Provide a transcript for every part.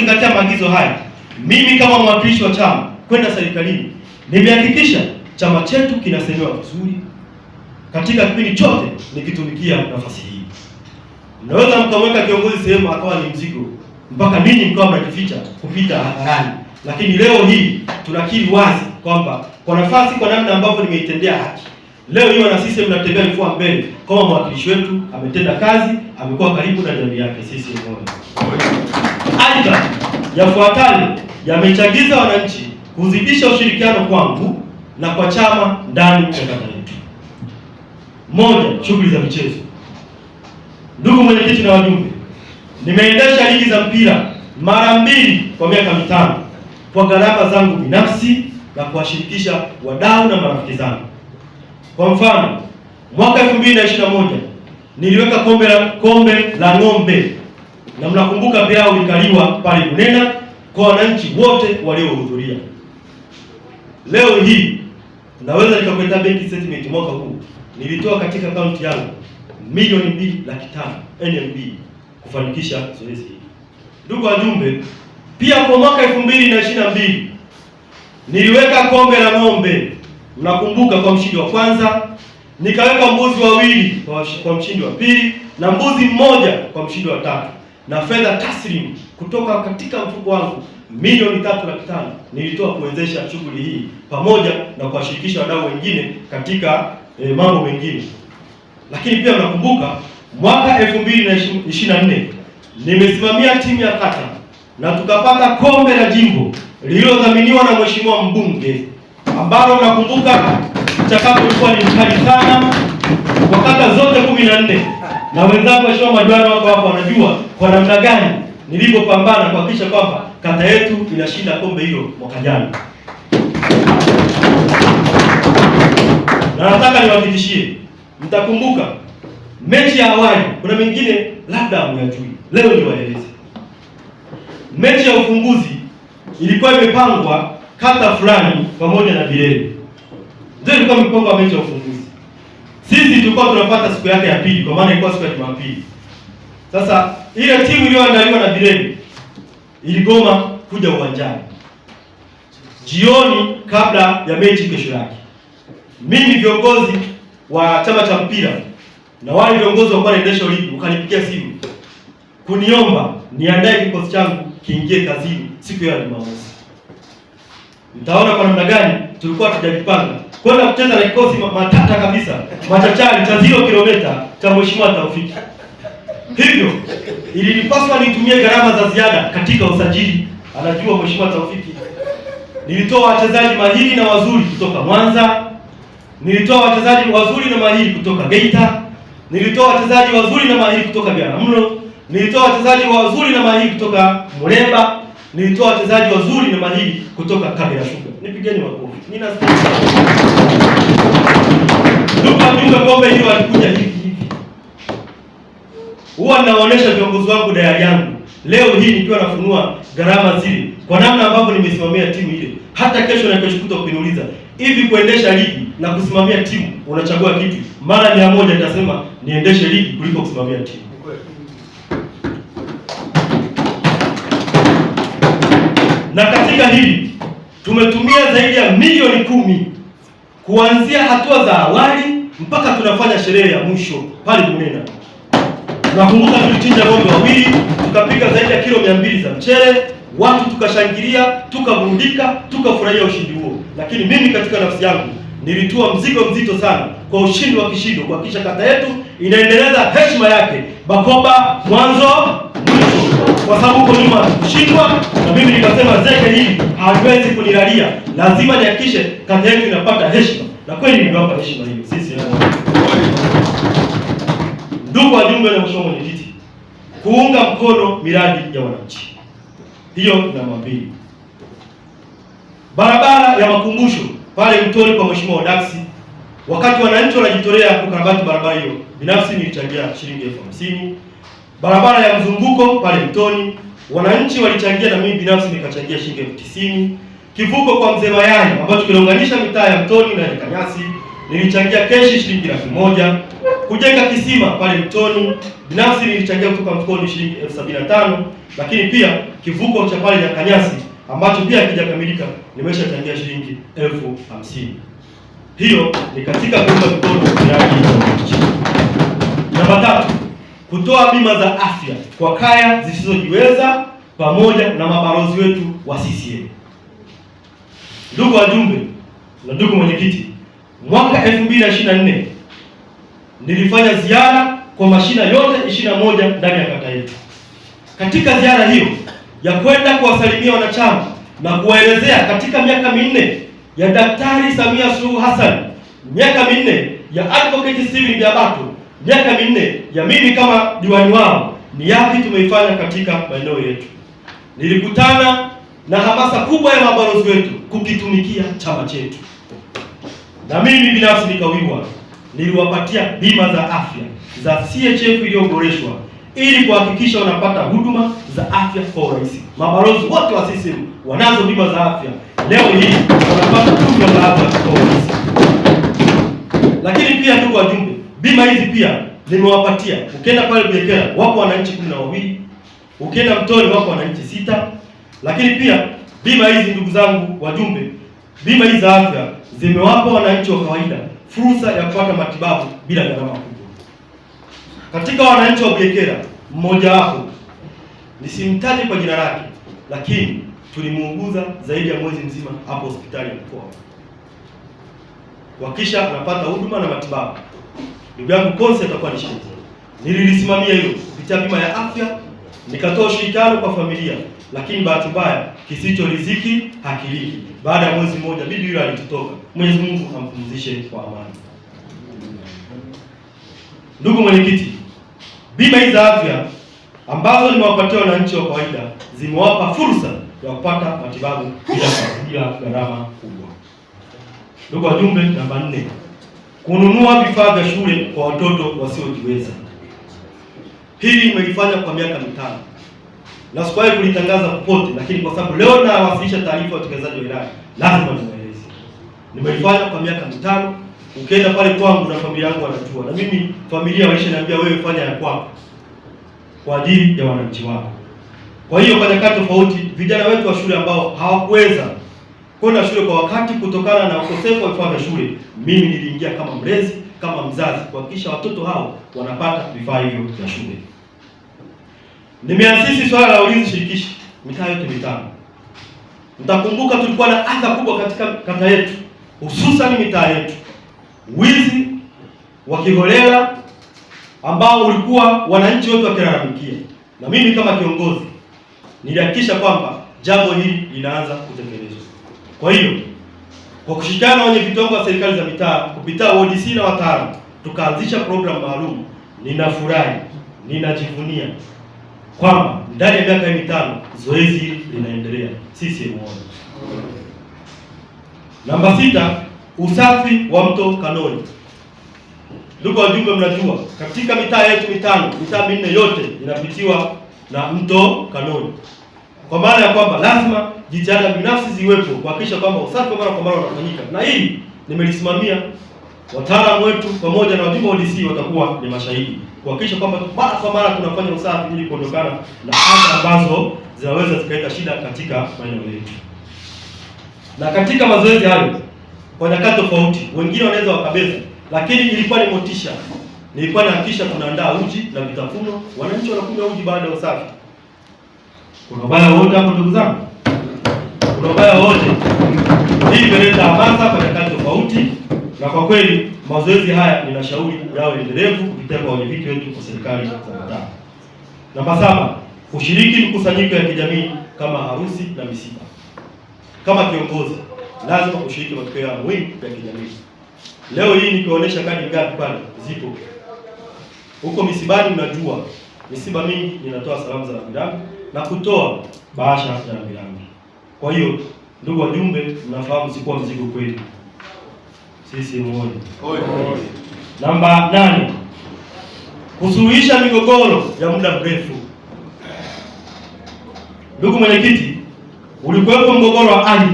kuzingatia maagizo haya, mimi kama mwakilishi wa chama kwenda serikalini, nimehakikisha chama chetu kinasemewa vizuri katika kipindi chote nikitumikia nafasi hii. Mnaweza mkamweka kiongozi sehemu akawa ni mzigo, mpaka ninyi mkawa mnajificha kupita hadharani, lakini leo hii tunakiri wazi kwamba kwa nafasi, kwa namna ambavyo nimeitendea haki leo hii, sisi mnatembea mifua mbele, kama mwakilishi wetu ametenda kazi, amekuwa karibu na jamii yake. Sisi moja Aidha, yafuatayo yamechagiza wananchi kuzidisha ushirikiano kwangu na kwa chama ndani ya kata yetu. Moja, shughuli za michezo. Ndugu mwenyekiti na wajumbe, nimeendesha ligi za mpira mara mbili kwa miaka mitano kwa gharama zangu binafsi na kuwashirikisha wadau na marafiki zangu. Kwa mfano, mwaka 2021 niliweka kombe la kombe la ng'ombe na mnakumbuka pia ulikaliwa pale Kunena kwa wananchi wote waliohudhuria. Leo hii naweza nikakuletea benki statement mwaka huu nilitoa katika akaunti yangu milioni mbili laki tano NMB kufanikisha zoezi hili. Ndugu wajumbe, pia kwa mwaka 2022 niliweka kombe la ng'ombe, mnakumbuka, kwa mshindi wa kwanza, nikaweka mbuzi wawili kwa mshindi wa pili na mbuzi mmoja kwa mshindi wa tatu na fedha taslim kutoka katika mfuko wangu milioni tatu laki tano nilitoa kuwezesha shughuli hii pamoja na kuwashirikisha wadau wengine katika e, mambo mengine. Lakini pia mnakumbuka mwaka 2024 nimesimamia timu ya kata na tukapata kombe la jimbo lililodhaminiwa na mheshimiwa mbunge, ambalo mnakumbuka mchakato ulikuwa ni mkali sana kwa kata zote 14 na wenzangu waheshimiwa madiwani wako hapo wanajua kwa namna gani nilipopambana kuhakikisha kwamba kata yetu inashinda kombe hilo mwaka jana, na nataka niwahakikishie, mtakumbuka mechi ya awali. Kuna mengine labda hamyajui, leo niwaeleze. Mechi ya ufunguzi ilikuwa imepangwa kata fulani pamoja na Bileli, ndio ilikuwa mpango mechi ya ufunguzi tulikuwa tunapata siku yake ya pili, kwa maana ilikuwa siku ya Jumapili. Sasa ile timu iliyoandaliwa na Bireni iligoma kuja uwanjani jioni kabla ya mechi kesho yake. Mimi viongozi wa chama cha mpira na wale viongozi wa National League ukanipigia simu kuniomba niandae kikosi changu kiingie kazini siku ya Jumamosi. Mtaona kwa namna gani tulikuwa hatujajipanga kwenda kucheza na kikosi matata kabisa machachari cha zero kilomita cha mheshimiwa Taufiki. Hivyo ilinipaswa nitumie gharama za ziada katika usajili, anajua mheshimiwa Taufiki. Nilitoa wachezaji mahiri na wazuri kutoka Mwanza, nilitoa wachezaji wazuri na mahiri kutoka Geita, nilitoa wachezaji wazuri na mahiri kutoka Biharamulo, nilitoa wachezaji wazuri na mahiri kutoka Muleba, nilitoa wachezaji wazuri na mahiri kutoka Kagera Sugar. Nipigeni makofi. Mimi nasikia. duka mjumbe hiyo alikuja hivi hivi. Huwa naonesha viongozi wangu daya yangu. Leo hii nikiwa nafunua gharama zile kwa namna ambavyo nimesimamia timu ile. Hata kesho na kesho kutwa ukiniuliza, hivi kuendesha ligi na kusimamia timu unachagua kitu? Mara mia moja nitasema niendeshe ligi kuliko kusimamia timu. Na katika hili tumetumia zaidi ya milioni kumi kuanzia hatua za awali mpaka tunafanya sherehe ya mwisho pale Bunena. Nakumbuka tulichinja ng'ombe wawili, tukapika zaidi ya kilo mia mbili za mchele, watu tukashangilia, tukaburudika, tukafurahia ushindi huo. Lakini mimi katika nafsi yangu nilitua mzigo mzito sana kwa ushindi wa kishindo, kuhakikisha kata yetu inaendeleza heshima yake Bakoba mwanzo kwa sababu huko nyuma shindwa, na mimi nikasema zeke hili hawezi kunilalia, lazima nihakikishe kata yetu inapata heshima, na kweli nimewapa heshima hiyo sisi. Ndugu jumbe na mheshimiwa mwenyekiti, kuunga mkono miradi ya wananchi, hiyo namba mbili. Barabara ya makumbusho pale Mtoni kwa mheshimiwa Odaksi, wakati wananchi wanajitolea kukarabati barabara hiyo, binafsi nilichangia shilingi elfu hamsini barabara ya mzunguko pale Mtoni, wananchi walichangia na mimi binafsi nikachangia shilingi elfu tisini. Kivuko kwa mzee Mayani ambacho kinaunganisha mitaa ya Mtoni na Kanyasi nilichangia keshi shilingi laki moja. Kujenga kisima pale Mtoni binafsi nilichangia kutoka mfukoni shilingi elfu sabini na tano, lakini pia kivuko cha pale Nyakanyasi ambacho pia hakijakamilika nimeshachangia shilingi elfu hamsini. Hiyo ni katika kuunga mkono miradi. Namba tatu kutoa bima za afya kwa kaya zisizojiweza pamoja na mabalozi wetu wa CCM. Ndugu wajumbe na ndugu mwenyekiti, mwaka 2024 nilifanya ziara kwa mashina yote 21 ndani ya kata yetu. Katika ziara hiyo ya kwenda kuwasalimia wanachama na kuwaelezea katika miaka minne ya Daktari Samia Suluhu Hassan, miaka minne ya Advocate Steven Biabato miaka minne ya mimi kama diwani wao, ni yapi tumeifanya katika maeneo yetu. Nilikutana na hamasa kubwa ya mabalozi wetu kukitumikia chama chetu, na mimi binafsi nikawiwa, niliwapatia bima za afya za CHF iliyoboreshwa ili kuhakikisha wanapata huduma za afya kwa urahisi. Mabalozi wote wa CCM wanazo bima za afya, leo hii wanapata huduma za afya kwa urahisi. Lakini pia ndugu wajumbe Bima hizi pia nimewapatia. Ukienda pale Biekera wapo wananchi kumi na wawili, ukienda Mtoni wako wananchi sita. Lakini pia bima hizi ndugu zangu wajumbe, bima hizi za afya zimewapa wananchi wa kawaida fursa ya kupata matibabu bila gharama kubwa. Katika wananchi wa Biekera mmoja wapo nisimtaje kwa jina lake, lakini tulimuuguza zaidi ya mwezi mzima hapo hospitali ya mkoa, wakisha anapata huduma na matibabu ndugu yangu Konsi atakuwa ni shahidi. Nililisimamia hilo kupitia bima ya afya, nikatoa ushirikiano kwa familia, lakini bahati mbaya kisicho riziki hakiliki. Baada ya mwezi mmoja bibi yule alitutoka. Mwenyezi Mungu ampumzishe kwa amani. Ndugu mwenyekiti, bima hii za afya ambazo nimewapatia wananchi wa kawaida zimewapa fursa ya kupata matibabu bila gharama kubwa. Ndugu wajumbe, namba nne kununua vifaa vya shule kwa watoto wasiojiweza. Hii imeifanya kwa miaka mitano na sikuwahi kulitangaza popote, lakini kwa sababu leo nawasilisha taarifa ya utekelezaji wa ilani, lazima niwaeleze. nimeifanya kwa miaka mitano. Ukienda pale kwangu na familia yangu wanajua, na mimi familia walishaniambia wewe fanya ya kwako kwa ajili ya wananchi wako. Kwa hiyo kwa nyakati tofauti, vijana wetu wa shule ambao hawakuweza kwenda shule kwa wakati kutokana na ukosefu wa vifaa vya shule. Mimi niliingia kama mlezi, kama mzazi kuhakikisha watoto hao wanapata vifaa hivyo vya shule. Nimeasisi swala la ulinzi shirikishi mitaa yote mitano. Mtakumbuka tulikuwa na adha kubwa katika kata yetu, hususan mitaa yetu, wizi wa kiholela ambao ulikuwa wananchi wote wakilalamikia, na mimi kama kiongozi nilihakikisha kwamba jambo hili linaanza kutekelezwa. Kwa hiyo kwa kushirikiana wenye vitongo wa serikali za mitaa kupitia ODC na wataalamu tukaanzisha programu maalum. Ninafurahi, ninajivunia kwamba ndani ya miaka mitano zoezi linaendelea. Sisi muone. Namba sita, usafi wa mto Kanoni. Ndugu wajumbe, mnajua katika mitaa yetu mitano, mitaa minne yote inapitiwa na mto Kanoni kwa maana ya kwamba lazima jitihada binafsi ziwepo kuhakikisha kwamba usafi mara kwa mara unafanyika, na hii nimelisimamia. Wataalamu wetu pamoja na wajumbe wa DC watakuwa ni mashahidi kuhakikisha kwamba mara kwa mara tunafanya usafi ili kuondokana na hata ambazo zinaweza zikaleta shida katika maeneo yetu. Na katika mazoezi hayo kwa nyakati tofauti, wengine wanaweza wakabeza, lakini ilikuwa ni motisha, nilikuwa nahakikisha tunaandaa uji na vitafuno, wananchi wanakunywa uji baada ya usafi. Kuna ubaya wote hapo ndugu zangu? Kuna ubaya wote? Hii imeleta hamasa kwa nyakati tofauti, na kwa kweli mazoezi haya ninashauri yawe endelevu kupitia kwa wenyeviti wetu kwa serikali za mitaa. Namba saba, kushiriki mikusanyiko ya kijamii kama harusi na misiba. Kama kiongozi lazima kushiriki matukio ya muhimu ya kijamii. Leo hii nikionyesha kadi ngapi pale zipo huko misibani, mnajua misiba mingi ninatoa salamu za rambirambi na kutoa bahasha ya milango. Kwa hiyo ndugu wajumbe, mnafahamu sikuwa mzigo kwenu. Sisi moja. Namba nane, kusuluhisha migogoro ya muda mrefu. Ndugu mwenyekiti, ulikuwepo mgogoro wa ardhi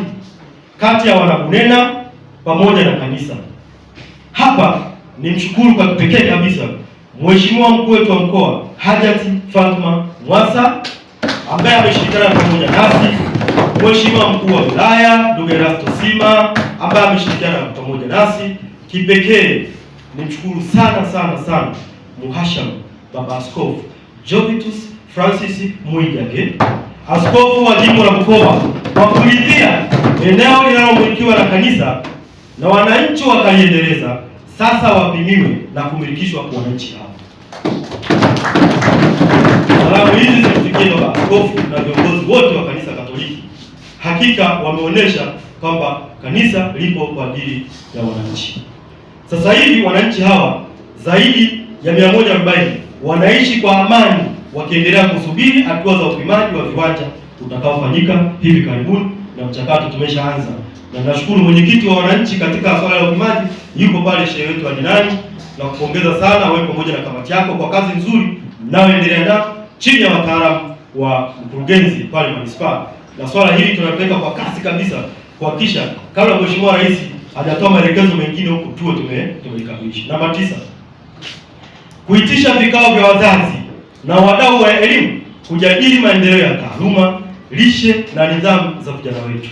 kati ya Wanabunena pamoja na kanisa. Hapa ni mshukuru kwa kipekee kabisa Mheshimiwa mkuu wetu wa mkoa Hajati Fatma Mwasa ambaye ameshirikiana pamoja nasi, Mheshimiwa mkuu wa wilaya ndugu Erasto Sima ambaye ameshirikiana pamoja nasi. Kipekee nimshukuru sana sana sana muhasham Baba Askofu Jovitus Francis Mwijage, askofu wa jimbo la Bukoba, kwa kulidhia eneo linalomilikiwa na kanisa na wananchi wakaliendeleza, sasa wapimiwe na kumilikishwa kwa wananchi hao. Salamu hizi zilifikia Baba Askofu na viongozi wote wa kanisa Katoliki. Hakika wameonyesha kwamba kanisa lipo kwa ajili ya wananchi. Sasa hivi wananchi hawa zaidi ya 140 wanaishi kwa amani wakiendelea kusubiri hatua za upimaji wa viwanja utakaofanyika hivi karibuni na mchakato tumeshaanza na nashukuru mwenyekiti wa wananchi katika swala la maji yuko pale shehe wetu Adinani, na kupongeza sana wewe pamoja na kamati yako kwa kazi nzuri mnayoendelea nayo chini ya wataalamu wa mkurugenzi pale manispaa, na swala hili tunapeleka kwa kasi kabisa kuhakikisha kabla mheshimiwa rais hajatoa maelekezo mengine huko tuo tume tumeikamilisha. Namba tisa, kuitisha vikao vya wazazi na wadau wa elimu kujadili maendeleo ya taaluma, lishe na nidhamu za vijana wetu.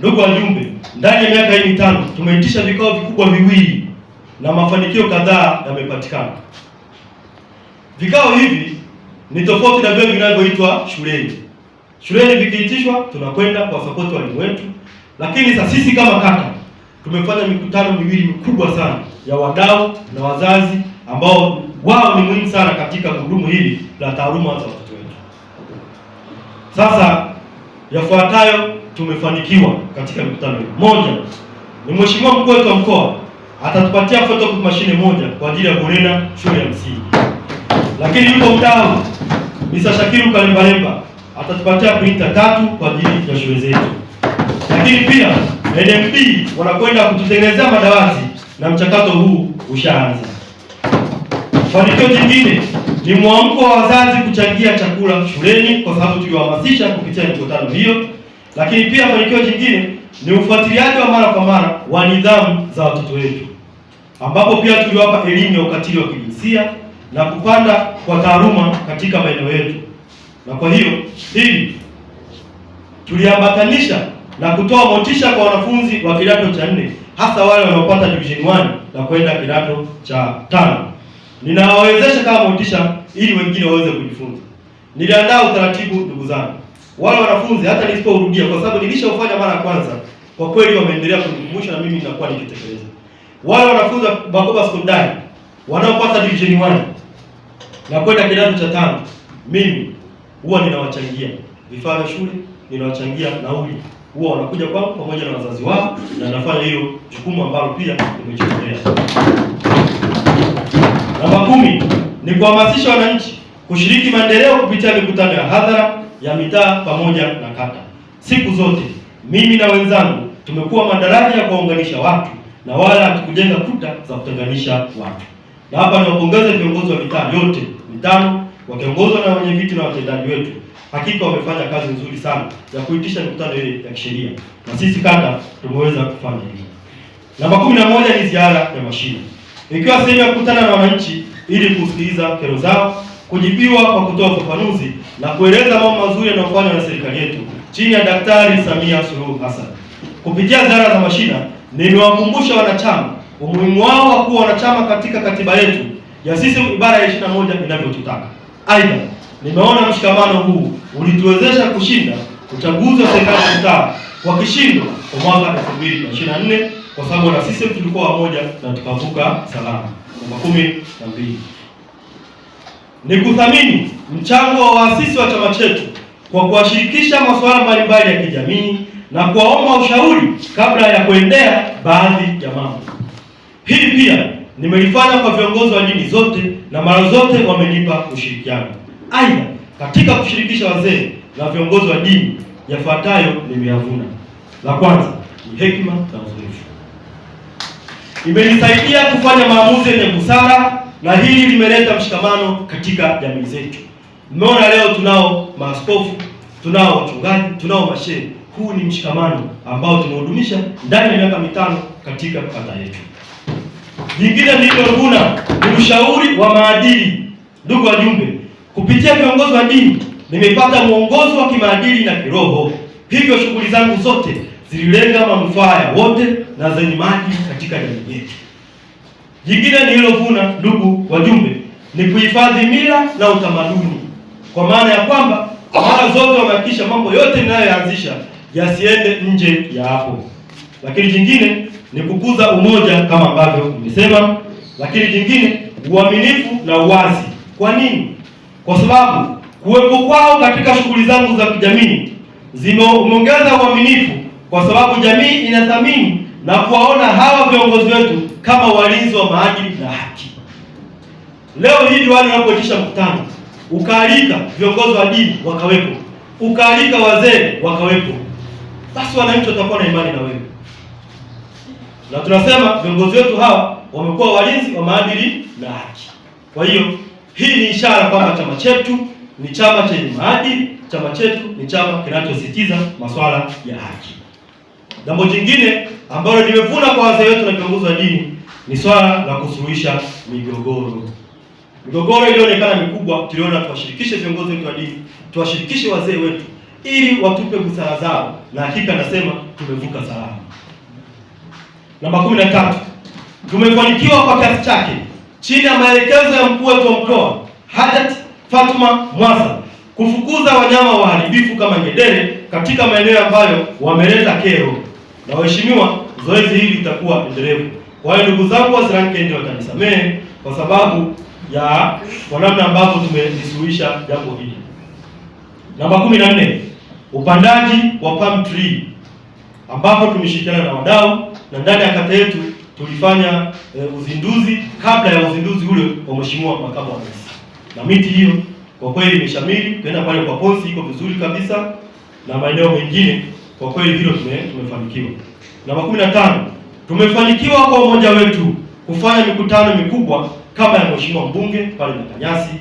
Ndugu wajumbe, ndani ya miaka hii mitano tumeitisha vikao vikubwa viwili na mafanikio kadhaa yamepatikana. Vikao hivi ni tofauti na vile vinavyoitwa shuleni. Shuleni vikiitishwa tunakwenda kwa sapoti walimu wetu, lakini sasa sisi kama kata tumefanya mikutano miwili mikubwa sana ya wadau na wazazi ambao wao ni muhimu sana katika gurudumu hili la taaluma za watoto wetu. Sasa yafuatayo tumefanikiwa katika mikutano hii. Moja ni mheshimiwa mkuu wetu wa mkoa atatupatia photocopy machine moja kwa ajili ya kunena shule ya msingi, lakini yuko mdau Mr. Shakiru Kalembalemba atatupatia printer tatu kwa ajili ya shule zetu, lakini pia NMB wanakwenda kututengenezea madawati na mchakato huu ushaanza. Fanikio jingine ni mwamko wa wazazi kuchangia chakula shuleni, kwa sababu tuliwahamasisha kupitia mikutano hiyo. Lakini pia mafanikio jingine ni ufuatiliaji wa mara kwa mara wa nidhamu za watoto wetu, ambapo pia tuliwapa elimu ya ukatili wa kijinsia na kupanda kwa taaluma katika maeneo yetu, na kwa hiyo hili tuliambatanisha na kutoa motisha kwa wanafunzi wa kidato cha nne hasa wale wanaopata division 1 na kwenda kidato cha tano. Ninawawezesha kama motisha ili wengine waweze kujifunza. Niliandaa utaratibu, ndugu zangu, wale wanafunzi hata nisiporudia, kwa sababu nilishaufanya mara ya kwanza, kwa kweli wameendelea kunikumbusha na mimi ninakuwa nikitekeleza. Wale wanafunzi wa Bakoba Sekondari wanaopata division 1 na kwenda kidato cha tano, mimi huwa ninawachangia vifaa vya shule, ninawachangia nauli, huwa wanakuja kwangu pamoja na wazazi wao, na nafanya hiyo jukumu ambalo pia nimechukulia. Namba kumi ni kuhamasisha wananchi kushiriki maendeleo kupitia mikutano ya hadhara ya mitaa pamoja na kata. Siku zote mimi na wenzangu tumekuwa madaraja ya kuwaunganisha watu na wala hatukujenga kuta za kutenganisha watu. Na hapa niwapongeze viongozi wa mitaa yote mitano wakiongozwa na wenyeviti na watendaji wetu, hakika wamefanya kazi nzuri sana ya kuitisha mikutano ile ya kisheria, na sisi kata tumeweza kufanya hivyo. Namba kumi na moja ni ziara ya mashina, ikiwa sehemu ya kukutana na wananchi ili kusikiliza kero zao kujibiwa kwa kutoa ufafanuzi na kueleza mambo mazuri yanayofanywa na serikali yetu chini ya Daktari Samia Suluhu Hassan. Kupitia ziara za mashina, nimewakumbusha wanachama umuhimu wao wa kuwa wanachama katika katiba yetu ya sisi ibara ya ishirini na moja inavyotutaka. Aidha, nimeona mshikamano huu ulituwezesha kushinda uchaguzi wa serikali ya mtaa kwa kishindo kwa mwaka 2024 kwa sababu na sisi tulikuwa wamoja na tukavuka salama namba kumi na mbili ni kuthamini mchango wa waasisi wa chama chetu kwa kuwashirikisha masuala mbalimbali ya kijamii na kuwaomba ushauri kabla ya kuendea baadhi ya mambo. Hili pia nimelifanya kwa viongozi wa dini zote na mara zote wamenipa ushirikiano. Aidha, katika kushirikisha wazee na viongozi wa dini, yafuatayo nimeyavuna. La kwanza ni hekima na uzoefu, imenisaidia kufanya maamuzi yenye busara na hili limeleta mshikamano katika jamii zetu. Mmeona leo tunao maaskofu, tunao wachungaji, tunao mashehe. Huu ni mshikamano ambao tunahudumisha ndani ya miaka mitano katika kata yetu. Jingine nililoruna ni ushauri wa maadili. Ndugu wajumbe, kupitia viongozi wa dini nimepata mwongozo wa kimaadili na kiroho, hivyo shughuli zangu zote zililenga manufaa ya wote na zenye maadili katika jamii yetu. Jingine nililovuna ndugu wajumbe, ni kuhifadhi mila na utamaduni, kwa maana ya kwamba mara zote wamehakikisha mambo yote ninayoanzisha yasiende nje ya hapo. Lakini jingine ni kukuza umoja kama ambavyo nimesema, lakini jingine uaminifu na uwazi. Kwa nini? Kwa sababu kuwepo kwao katika shughuli zangu za kijamii zimeongeza uaminifu, kwa sababu jamii inathamini na kuwaona hawa viongozi wetu kama walinzi wa maadili na haki. Leo hii wale wanapoitisha mkutano, ukaalika viongozi wa dini wakawepo, ukaalika wazee wakawepo, basi wananchi watakuwa na imani na wewe, na tunasema viongozi wetu hawa wamekuwa walinzi wa maadili na haki. Kwa hiyo hii ni ishara kwamba chama chetu ni chama chenye maadili, chama chetu ni chama kinachositiza masuala ya haki. Jambo jingine ambalo nimevuna kwa wazee wetu na viongozi wa dini ni swala la kusuluhisha migogoro. Migogoro iliyoonekana mikubwa, tuliona tuwashirikishe viongozi wetu wa dini, tuwashirikishe wazee wetu ili watupe busara zao, na hakika nasema tumevuka salama. Namba kumi na tatu, tumefanikiwa kwa kiasi chake chini ya maelekezo ya mkuu wetu wa mkoa Hajat Fatuma Mwasa kufukuza wanyama waharibifu kama ngedere katika maeneo ambayo wameleta kero. Na waheshimiwa, zoezi hili litakuwa endelevu. Kwa hiyo ndugu zangu wa Sri watanisamehe kwa sababu ya kwa namna ambavyo tumelisuluhisha jambo hili. Namba 14, upandaji wa palm tree ambapo tumeshirikiana na wadau na ndani ya kata yetu tulifanya e, uzinduzi kabla ya uzinduzi ule wa mheshimiwa makamu wa rais, na miti hiyo kwa kweli imeshamiri. Tukaenda pale kwa Ponsi, iko vizuri kabisa na maeneo mengine. Kwa kweli hilo tumefanikiwa. Namba kumi na tano, tumefanikiwa kwa umoja wetu kufanya mikutano mikubwa kama ya mheshimiwa mbunge pale Nyakanyasi,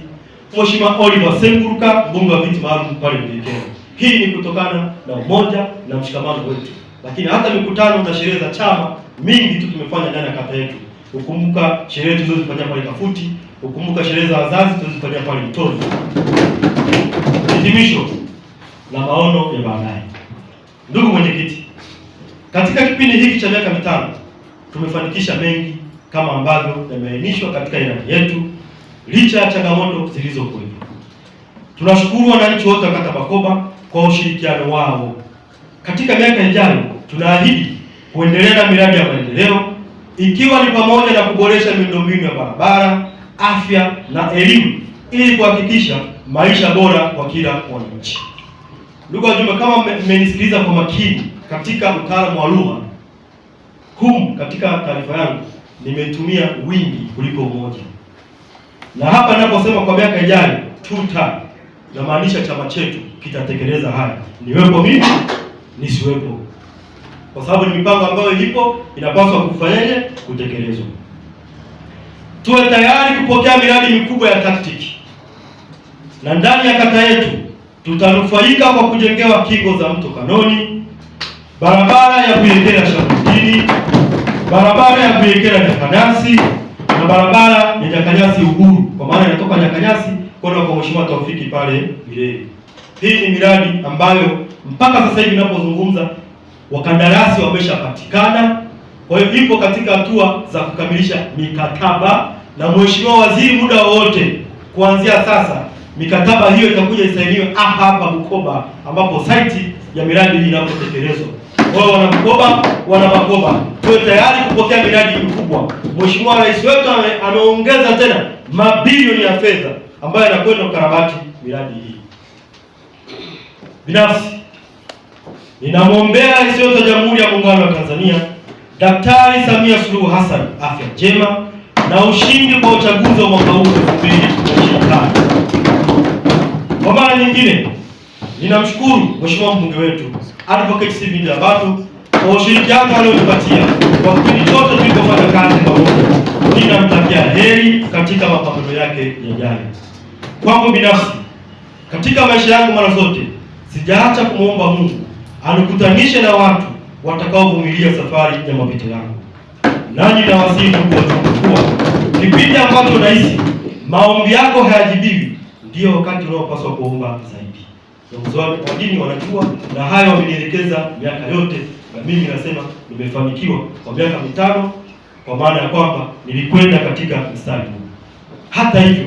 mheshimiwa Oliver Senguruka mbunge wa viti maalum pale Mjekeo. Hii ni kutokana na umoja na mshikamano wetu, lakini hata mikutano na sherehe za chama mingi tu tumefanya ndani ya kata yetu. Ukumbuka sherehe tulizofanya pale Kafuti, ukumbuka sherehe za wazazi tulizofanya pale Mtoni. Hitimisho na maono ya baadaye. Ndugu mwenyekiti, katika kipindi hiki cha miaka mitano tumefanikisha mengi kama ambavyo yameainishwa katika ilani yetu licha ya changamoto zilizokuwepo. Tunashukuru wananchi wote wa kata Bakoba kwa ushirikiano wao. Katika miaka ijayo tunaahidi kuendelea na miradi ya maendeleo ikiwa ni pamoja na kuboresha miundombinu ya barabara, afya na elimu ili kuhakikisha maisha bora kwa kila mwananchi. Ndugu wajumbe, kama mmenisikiliza kwa makini katika utaalamu wa lugha, hum katika taarifa yangu nimetumia wingi kuliko umoja, na hapa ninaposema kwa miaka ijayo tuta, namaanisha chama chetu kitatekeleza haya, niwepo mimi nisiwepo, kwa sababu ni mipango ambayo ilipo inapaswa kufanyeje Kutekelezwa. Tuwe tayari kupokea miradi mikubwa ya taktiki, na ndani ya kata yetu tutanufaika kwa kujengewa kingo za mto Kanoni, barabara ya kuelekea Shambutini, barabara ya kuelekea Nyakanyasi na barabara ya Nyakanyasi Uhuru, kwa maana inatoka Nyakanyasi kwenda kwa Mheshimiwa Taufiki pale Mireli. Hii ni miradi ambayo mpaka sasa hivi ninapozungumza wakandarasi wameshapatikana, kwa hiyo ipo katika hatua za kukamilisha mikataba, na Mheshimiwa Waziri muda wowote kuanzia sasa Mikataba hiyo itakuja isainiwe hapa hapa Bukoba, ambapo saiti ya miradi hii inapotekelezwa. Kwa hiyo wana Bukoba, wana Makoba, tuwe tayari kupokea miradi mikubwa. Mheshimiwa Rais wetu ameongeza tena mabilioni ya fedha ambayo yanakwenda kukarabati miradi hii. Binafsi ninamwombea Rais wetu wa Jamhuri ya Muungano wa Tanzania Daktari Samia Suluhu Hassan afya njema na ushindi kwa uchaguzi wa mwaka huu. nyingine, ninamshukuru mheshimiwa mbunge wetu Advocate Simiyu Ambatu kwa ushirikiano aliyotupatia kwa kipindi chote tulipofanya kazi pamoja. Ninamtakia heri katika mapambano yake yajayo. Kwangu binafsi, katika maisha yangu mara zote sijaacha kumwomba Mungu anikutanishe na watu watakaovumilia safari ya mapito yangu, nani nawasihi ndugu, kuwa kipindi ambacho nahisi maombi yako hayajibiwi ndio wakati unaopaswa kuomba zaidi. Viongozi wangu wa dini wanajua na hayo, wamenielekeza miaka yote, na mimi nasema nimefanikiwa kwa miaka mitano, kwa maana ya kwamba nilikwenda katika mstari huu. Hata hivyo,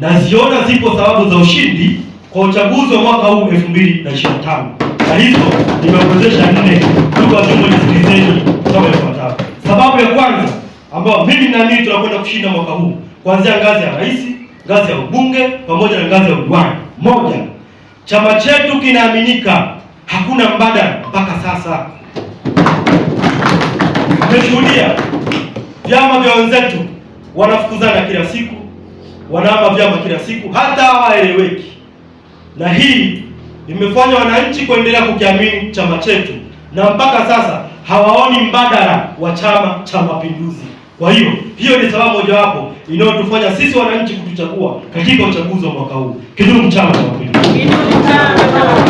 naziona zipo sababu za ushindi kwa uchaguzi wa mwaka huu 2025 na hizo nimekuwezesha nne. Ndugu wazungu, nisikilizeni kama ifuatavyo. Sababu ya kwanza ambayo mimi naamini tunakwenda kushinda mwaka huu kuanzia ngazi ya rais ngazi ya ubunge pamoja na ngazi ya udiwani. Moja, chama chetu kinaaminika, hakuna mbadala mpaka sasa. Tumeshuhudia vyama vya wenzetu wanafukuzana kila siku, wanahama vyama kila siku, hata hawaeleweki, na hii imefanya wananchi kuendelea kukiamini chama chetu, na mpaka sasa hawaoni mbadala wa Chama cha Mapinduzi. Kwa hiyo hiyo ni sababu mojawapo inayotufanya sisi wananchi kutuchagua katika uchaguzi wa mwaka huu. Kidumu chama cha mapinduzi!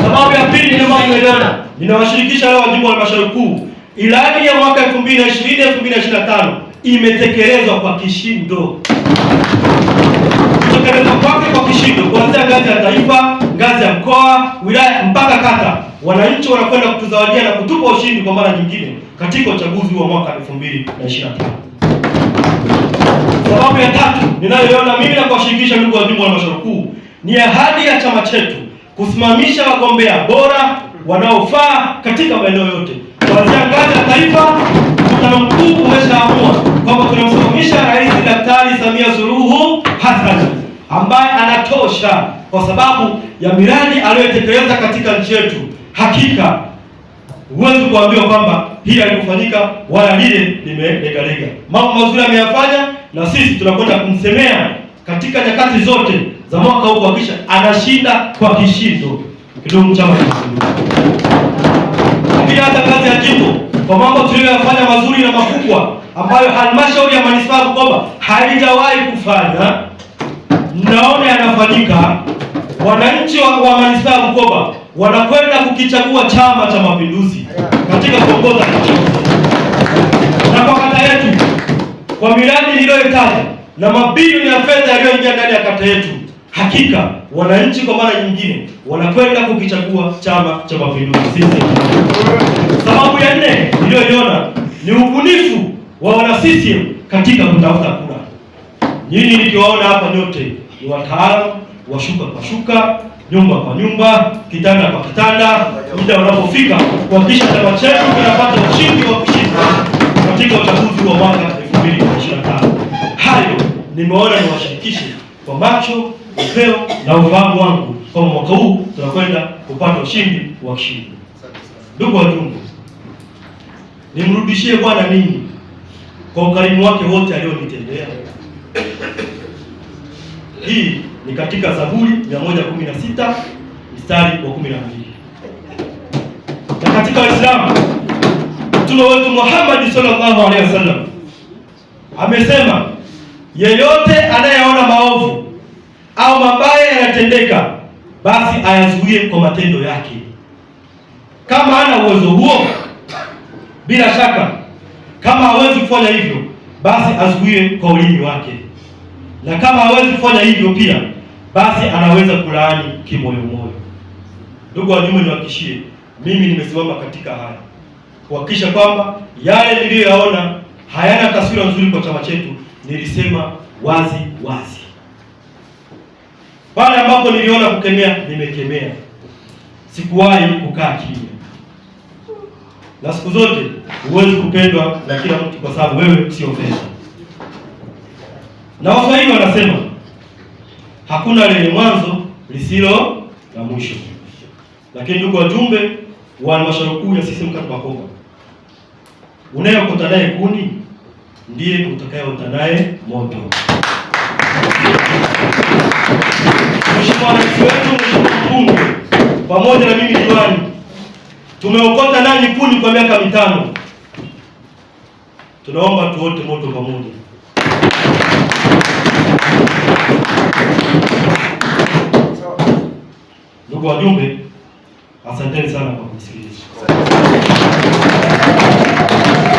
Sababu ya pili inayoeleweka, ninawashirikisha leo wajibu wa halmashauri kuu, ilani ya mwaka 2020 2025 imetekelezwa kwa kishindo. Kutekelezwa kwake kwa kishindo, kuanzia ngazi ya taifa, ngazi ya mkoa, wilaya mpaka kata, wananchi wanakwenda kutuzawadia na kutupa ushindi kwa mara nyingine katika uchaguzi wa mwaka 2025. Sababu ya tatu ninayoona mimi na kuwashirikisha ndugu wajumbe wa halmashauri kuu ni ahadi ya chama chetu kusimamisha wagombea bora wanaofaa katika maeneo yote kuanzia ngazi ya taifa. Mkutano mkuu umeshaamua kwamba tunamsimamisha Rais Daktari Samia Suluhu Hassan ambaye anatosha kwa sababu ya miradi aliyotekeleza katika nchi yetu. Hakika Huwezi kuambiwa kwamba hii halikufanyika wala lile limelegalega. Mambo mazuri ameyafanya, na sisi tunakwenda kumsemea katika nyakati zote za mwaka huu kuhakikisha anashinda kwa kishindo. Kidumu chama cha Mapinduzi! hata kazi ya jimbo kwa mambo tuliyoyafanya mazuri na makubwa ambayo halmashauri ya manispaa Bukoba haijawahi kufanya, mnaona yanafanyika. Wananchi wa manispaa Bukoba wanakwenda kukichagua Chama cha Mapinduzi katika kuongoza na kwa kata yetu, kwa miradi iliyohitaji na mabilioni ya fedha yaliyoingia ndani ya kata yetu, hakika wananchi kwa mara nyingine wanakwenda kukichagua Chama cha Mapinduzi. Sisi sababu ya nne iliyoiona ni ubunifu wa wana CCM katika kutafuta kura. Nyinyi nikiwaona hapa nyote ni wataalamu washuka kwa shuka nyumba kwa nyumba, kitanda kwa kitanda, muda unapofika kuhakikisha chama chetu kinapata ushindi wa kushinda katika uchaguzi wa mwaka 2025. Hayo nimeona niwashirikishe kwa macho, upeo na ufahamu wangu kwamba mwaka huu tunakwenda kupata ushindi wa ushindi. Ndugu Mungu, nimrudishie Bwana ninyi kwa ukarimu wake wote alionitendea hii ni katika Zaburi 116 mstari wa 12. Na katika Waislamu mtume wetu Muhammad sallallahu alaihi wasallam amesema, yeyote anayeona maovu au mabaya yanatendeka, basi ayazuie kwa matendo yake. Kama hana uwezo huo, bila shaka, kama hawezi kufanya hivyo, basi azuie kwa ulimi wake na kama hawezi kufanya hivyo pia basi anaweza kulaani kimoyomoyo. Ndugu wajumbe, niwahakikishie, mimi nimesimama katika haya kuhakikisha kwamba yale niliyoyaona hayana taswira nzuri kwa chama chetu, nilisema wazi wazi. Pale ambapo niliona kukemea, nimekemea. Sikuwahi kukaa kimya, na siku zote huwezi kupendwa na kila mtu, kwa sababu wewe sio pesa na Waswahili wanasema hakuna lenye mwanzo lisilo na mwisho. Lakini ndugu wajumbe wa halmashauri kuu ya CCM kata Bakoba, unayekuta naye kuni ndiye utakayeota naye moto. Mheshimiwa Rais wetu, Mheshimiwa Mbunge, pamoja na mimi diwani, tumeokota nani kuni kwa miaka mitano. Tunaomba tuote moto pamoja. Ndugu wajumbe, asanteni sana kwa kunisikiliza.